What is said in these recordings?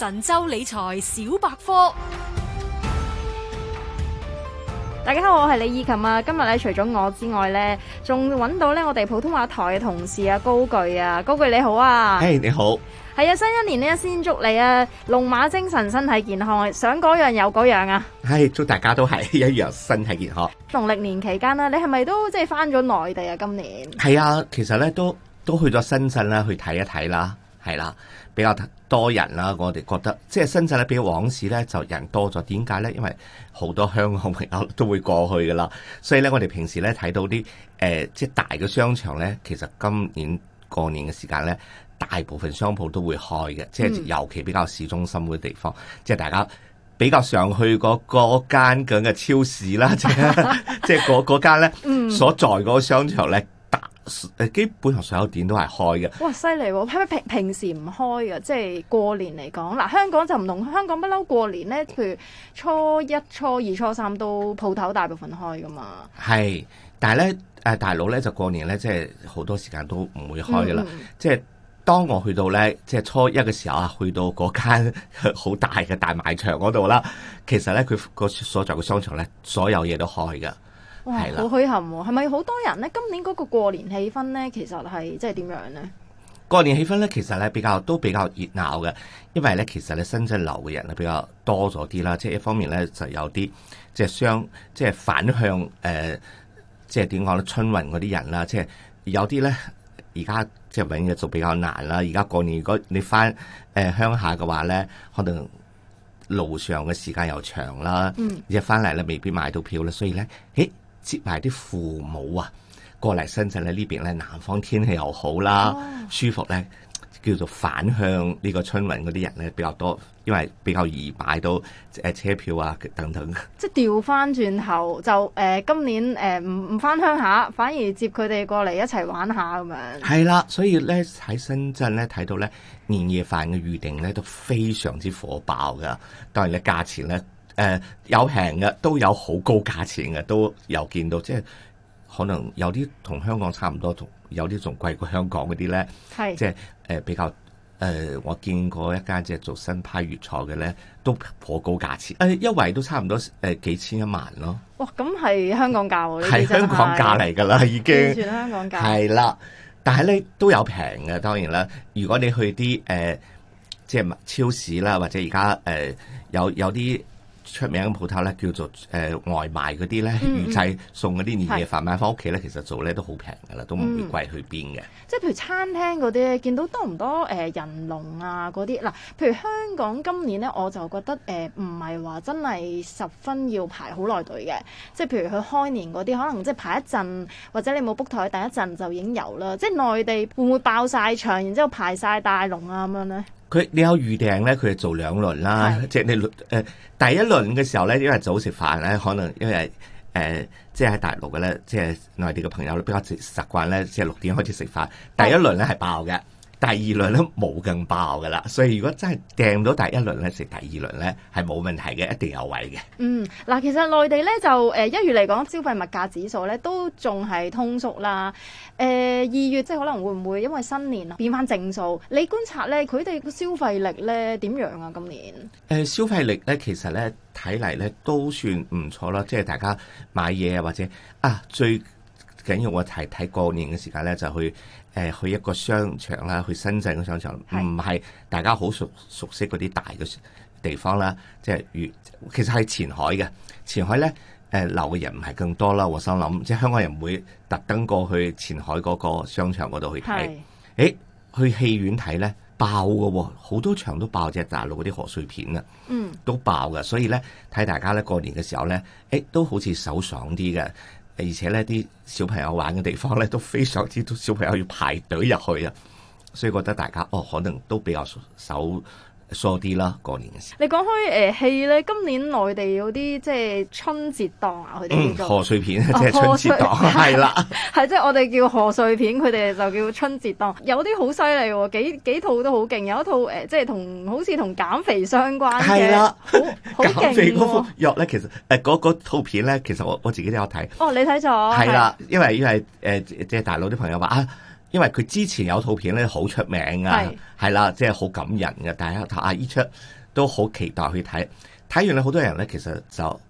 神州理財小百科，大家好，我係李以琴啊！今日咧，除咗我之外咧，仲搵到咧，我哋普通話台嘅同事啊，高巨啊，高巨你好啊！誒，hey, 你好！係啊，新一年呢，先祝你啊，龍馬精神，身體健康，想嗰樣有嗰樣啊！係，hey, 祝大家都係一樣，身體健康。農曆年期間啦，你係咪都即係返咗內地啊？今年係啊，其實咧都都去咗深圳啦，去睇一睇啦。係啦，比較多人啦，我哋覺得即係深圳咧，比往時咧就人多咗。點解咧？因為好多香港朋友都會過去噶啦，所以咧我哋平時咧睇到啲誒、呃，即係大嘅商場咧，其實今年過年嘅時間咧，大部分商鋪都會開嘅，即係尤其比較市中心嗰啲地方，嗯、即係大家比較常去嗰間咁嘅超市啦， 即係即嗰間咧，所在嗰個商場咧。嗯嗯。誒，基本上所有店都係開嘅。哇，犀利喎！係咪平平時唔開嘅？即係過年嚟講，嗱，香港就唔同。香港不嬲過年咧，譬如初一、初二、初三都鋪頭大部分開噶嘛。係，但係咧，誒、啊，大佬咧就過年咧，即係好多時間都唔會開噶啦。嗯、即係當我去到咧，即係初一嘅時候啊，去到嗰間好大嘅大賣場嗰度啦，其實咧佢個所在嘅商場咧，所有嘢都開噶。係哇啦好墟冚喎，哦！係咪好多人咧？今年嗰個過年氣氛咧，其實係即係點樣咧？過年氣氛咧，其實咧比較都比較熱鬧嘅，因為咧其實咧深圳留嘅人咧比較多咗啲啦，即係一方面咧就有啲即係相即係反向誒、呃，即係點講咧春運嗰啲人啦，即係有啲咧而家即係搵嘢做比較難啦。而家過年如果你翻誒鄉下嘅話咧，可能路上嘅時間又長啦，嗯而且，一翻嚟，咧未必買到票咧，所以咧，誒。接埋啲父母啊，過嚟深圳咧呢邊咧，南方天氣又好啦，Oh. 舒服咧，叫做反向。呢個春運嗰啲人咧比較多，因為比較易買到誒車票啊等等。即係調翻轉頭就誒、呃、今年誒唔唔返鄉下，反而接佢哋過嚟一齊玩下咁樣。係啦， 所以咧喺深圳咧睇到咧年夜飯嘅預定咧都非常之火爆㗎，當然咧價錢咧。呢誒、呃，有平嘅都有好高價錢嘅，都有見到，即係可能有啲同香港差唔多，同有啲仲貴過香港嗰啲咧。係即係誒、呃，比較誒、呃，我見過一間即係做新派粵菜嘅咧，都頗高價錢，誒、呃，一圍都差唔多誒幾千一萬咯。哇，咁係香港價喎，係香港價嚟噶啦，已經全香港價係啦。但係咧都有平嘅，當然啦。如果你去啲誒、呃，即係超市啦，或者而家誒有有啲。有出名嘅鋪頭咧，叫做誒、呃、外賣嗰啲咧，嗯、預製送嗰啲年夜飯買翻屋企咧，是其實做咧都好平噶啦，都唔會貴去邊嘅、嗯。即係譬如餐廳嗰啲，見到多唔多誒、呃、人龍啊嗰啲？嗱，譬如香港今年咧，我就覺得誒唔係話真係十分要排好耐隊嘅。即係譬如佢開年嗰啲，可能即係排一陣，或者你冇 book 台，等一陣就已經有啦。即係內地會唔會爆晒場，然之後排晒大龍啊咁樣咧？你有預訂呢，佢就做兩輪啦的、呃。第一輪嘅時候呢，因為早食飯呢，可能因為誒、呃、即係喺大陸嘅呢，即係內地嘅朋友比較習慣呢，即係六點開始食飯。第一輪呢係爆嘅。第二輪咧冇咁爆嘅啦，所以如果真係掟到第一輪咧，食第二輪咧係冇問題嘅，一定有位嘅。嗯，嗱，其實內地咧就誒一月嚟講消費物價指數咧都仲係通縮啦。誒、呃、二月即係可能會唔會因為新年變翻正數？你觀察咧佢哋個消費力咧點樣啊？今年誒、呃、消費力咧其實咧睇嚟咧都算唔錯啦，即係大家買嘢啊或者啊最。緊要我提睇過年嘅時間咧，就去誒、呃、去一個商場啦，去深圳嘅商場，唔係是的 大家好熟熟悉嗰啲大嘅地方啦。即係如其實係前海嘅，前海咧誒、呃、流嘅人唔係更多啦。我心諗即係香港人唔會特登過去前海嗰個商場嗰度去睇。誒是的、欸、去戲院睇咧爆嘅喎，哦，好多場都爆啫，只大陸嗰啲賀歲片啊，嗯，都爆嘅。所以咧睇大家咧過年嘅時候咧，誒、欸、都好似手爽啲嘅。而且呢啲小朋友玩嘅地方咧都非常之多，小朋友要排隊入去啊，所以覺得大家哦，可能都比較熟手。疏啲啦，過年嘅事。你講開誒戲咧，今年內地有啲即係春節檔啊，佢哋叫做賀歲片，即係春節檔，係啦，係即係我哋叫賀歲片，佢哋就叫春節檔。有啲好犀利喎，幾幾套都好勁。有一套誒，即係同好似同減肥相關嘅，減肥嗰副藥咧，其實誒嗰、呃、套片咧，其實我我自己都有睇。哦，你睇咗？係啦是，因為因為誒、呃、即係大佬啲朋友話啊。因為佢之前有套片咧好出名啊，係是啦，即係好感人嘅。大家睇啊，呢出都好期待去睇。睇完咧，好多人咧其實就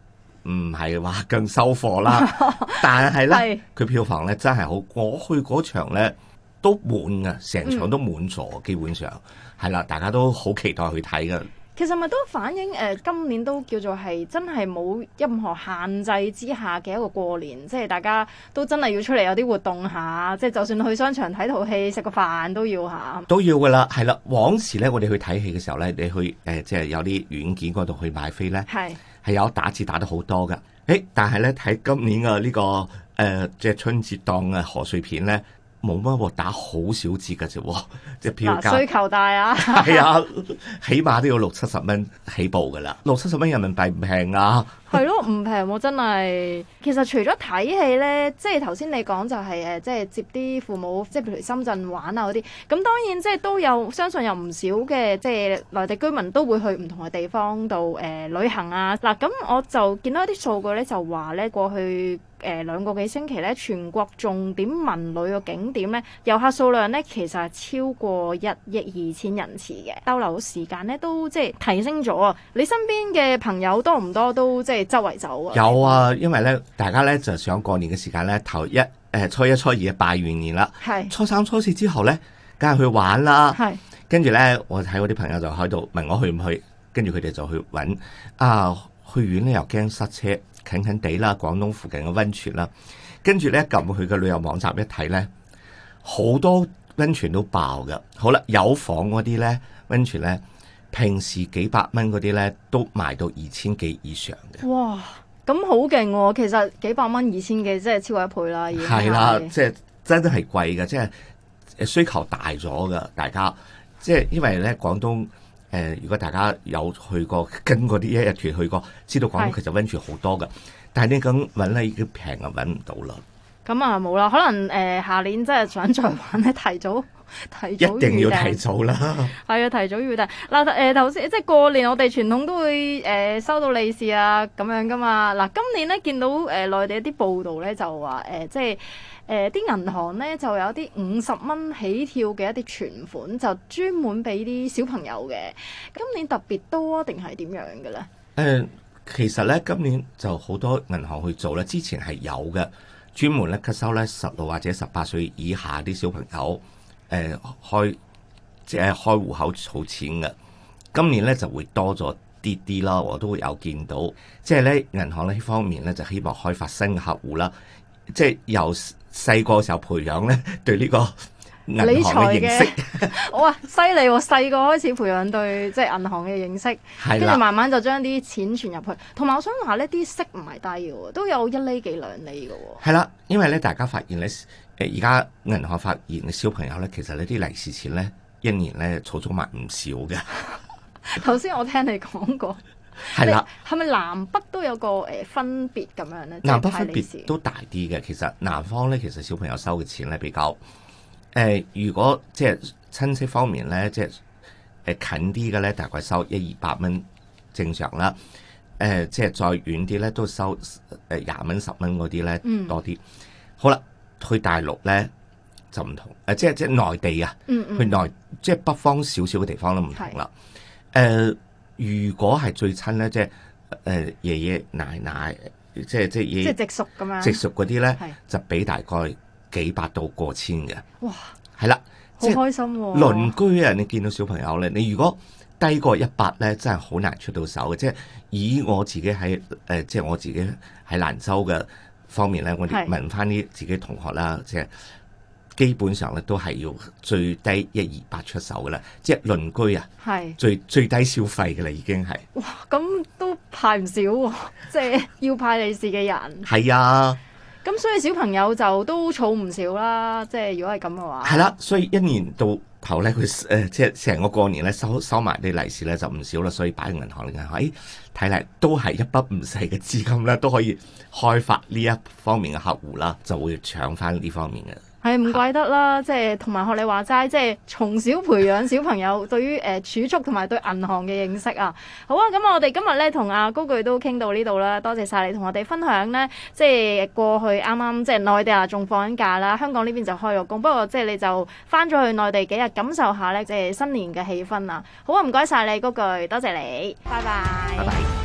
唔係話更收貨啦， 但係咧佢票房咧真係好。我去嗰場咧都滿嘅，成場都滿座，基本上係啦，大家都好期待去睇嘅。其實咪都反映誒、呃，今年都叫做係真係冇任何限制之下嘅一個過年，即係大家都真係要出嚟有啲活動下，即係就算去商場睇套戲、食個飯都要吓。都要㗎啦，係啦，往時咧我哋去睇戲嘅時候咧，你去誒、呃、即係有啲軟件嗰度去買飛咧，係係的有打折打得好多㗎。誒、欸，但係咧睇今年嘅呢、這個誒、呃、即係春節檔嘅賀歲片咧。冇乜喎，打好少折噶啫，即係票價，需求大啊！係啊，起碼都要六七十蚊起步噶啦，六七十蚊人民幣唔平啊！係咯，唔平我真係。其實除咗睇戲咧，即係頭先你講就係、是、誒，即係接啲父母，即係譬如深圳玩啊嗰啲。咁當然即係都有，相信有唔少嘅即係內地居民都會去唔同嘅地方度誒、呃、旅行啊。嗱，咁我就見到一啲數據咧，就話咧過去。誒，兩個幾星期咧，全國重點文旅嘅景點咧，遊客數量咧，其實係超過一億二千人次嘅，逗留時間咧都即係提升咗啊！你身邊嘅朋友多唔多都即係周圍走啊？有啊，因為咧大家咧就想過年嘅時間咧，頭一誒初一初二就拜完年啦，係是初三初四之後咧，梗係去玩啦，係，跟住咧我睇我啲朋友就喺度問我去唔去，跟住佢哋就去揾啊去遠咧又驚塞車。啊近近地啦，廣東附近嘅溫泉啦，跟住呢，撳佢嘅旅遊網站一睇呢，好多溫泉都爆㗎。好啦，有房嗰啲呢，溫泉呢，平時幾百蚊嗰啲呢，都賣到二千幾以上嘅。哇！咁好勁喎，其實幾百蚊二千幾，即係超過一倍啦。已經係啦，即係、啊就係、真真係貴嘅，即、就、係、係、需求大咗㗎，大家即係、就係、因為呢廣東。誒、呃，如果大家有去過跟嗰啲一日團去過，知道廣東其實溫泉好多嘅，是的 但係你咁揾咧已經平啊，揾唔到啦。咁啊冇啦，可能誒、呃、下年真係想再玩咧，提早提早一定要提早啦。係啊，提早要定嗱誒頭先即係過年，我哋傳統都會誒、呃、收到利是啊咁樣噶嘛嗱，今年咧見到誒、呃、內地一啲報道咧，就話誒、呃、即係誒啲銀行咧就有啲五十蚊起跳嘅一啲存款，就專門俾啲小朋友嘅。今年特別多定係點樣嘅咧？誒、呃，其實咧今年就好多銀行去做啦，之前係有嘅。專門咧吸收咧十六或者十八歲以下啲小朋友，誒、呃、開即係開戶口儲錢嘅。今年咧就會多咗啲啲啦，我都會有見到。即係咧銀行呢方面咧就希望開發新嘅客戶啦，即係由細個時候培養咧對呢、呢個。理財嘅， 哇，犀利喎！細個開始培養對即係銀行嘅認識，跟住 的慢慢就將啲錢存入去。同埋，我想話呢啲息唔係低嘅，都有一厘幾兩厘嘅，哦。係啦，因為咧，大家發現咧，誒，而家銀行發現嘅小朋友咧，其實呢啲利是錢咧，一年咧儲咗埋唔少嘅。頭 先我聽你講過，係啦的，係咪南北都有個誒分別咁樣咧？南北分別都大啲嘅。其實南方咧，其實小朋友收嘅錢咧比較。誒、呃，如果即係親戚方面咧，即係誒近啲嘅咧，大概收一二百蚊正常啦。誒、呃，即、就、係、是、再遠啲咧，都收誒廿蚊十蚊嗰啲咧多啲。嗯、好啦，去大陸咧就唔同，誒即係即係內地啊，嗯嗯，去內即係北方少少嘅地方都唔同啦。誒是、呃，如果係最親咧，即係誒爺爺奶奶，就是就是、即係即係即係直屬咁啊！直屬嗰啲咧就俾大概。幾百到過千嘅，哇，係啦了，好開心、啊。鄰居啊，你見到小朋友咧，你如果低過一百咧，真係好難出到手嘅。即係以我自己喺誒、呃，即係我自己喺蘭州嘅方面咧，我哋問翻啲自己同學啦，即係是基本上咧都係要最低一二百出手噶啦。即係鄰居啊，係是最最低消費噶啦，已經係。哇，咁都派唔少、啊，即係 要派利是嘅人。係 啊。咁所以小朋友就都儲唔少啦，即係如果係咁嘅話，係啦，所以一年到頭咧，佢誒即係成個過年咧收收埋啲利是咧就唔少啦，所以擺喺銀行銀行，誒睇嚟都係一筆唔細嘅資金咧，都可以開發呢一方面嘅客戶啦，就會搶翻呢方面嘅。係唔怪得啦，即係同埋學你話齋，即係從小培養小朋友對於誒儲蓄同埋對銀行嘅認識啊。好啊，咁我哋今日咧同阿高巨都傾到呢度啦，多謝曬你同我哋分享咧，即係過去啱啱即係內地啊仲放緊假啦，香港呢邊就開咗工，不過即係你就翻咗去內地幾日感受下咧，即係新年嘅氣氛啊。好啊，唔該曬你，高巨，多謝你，拜拜。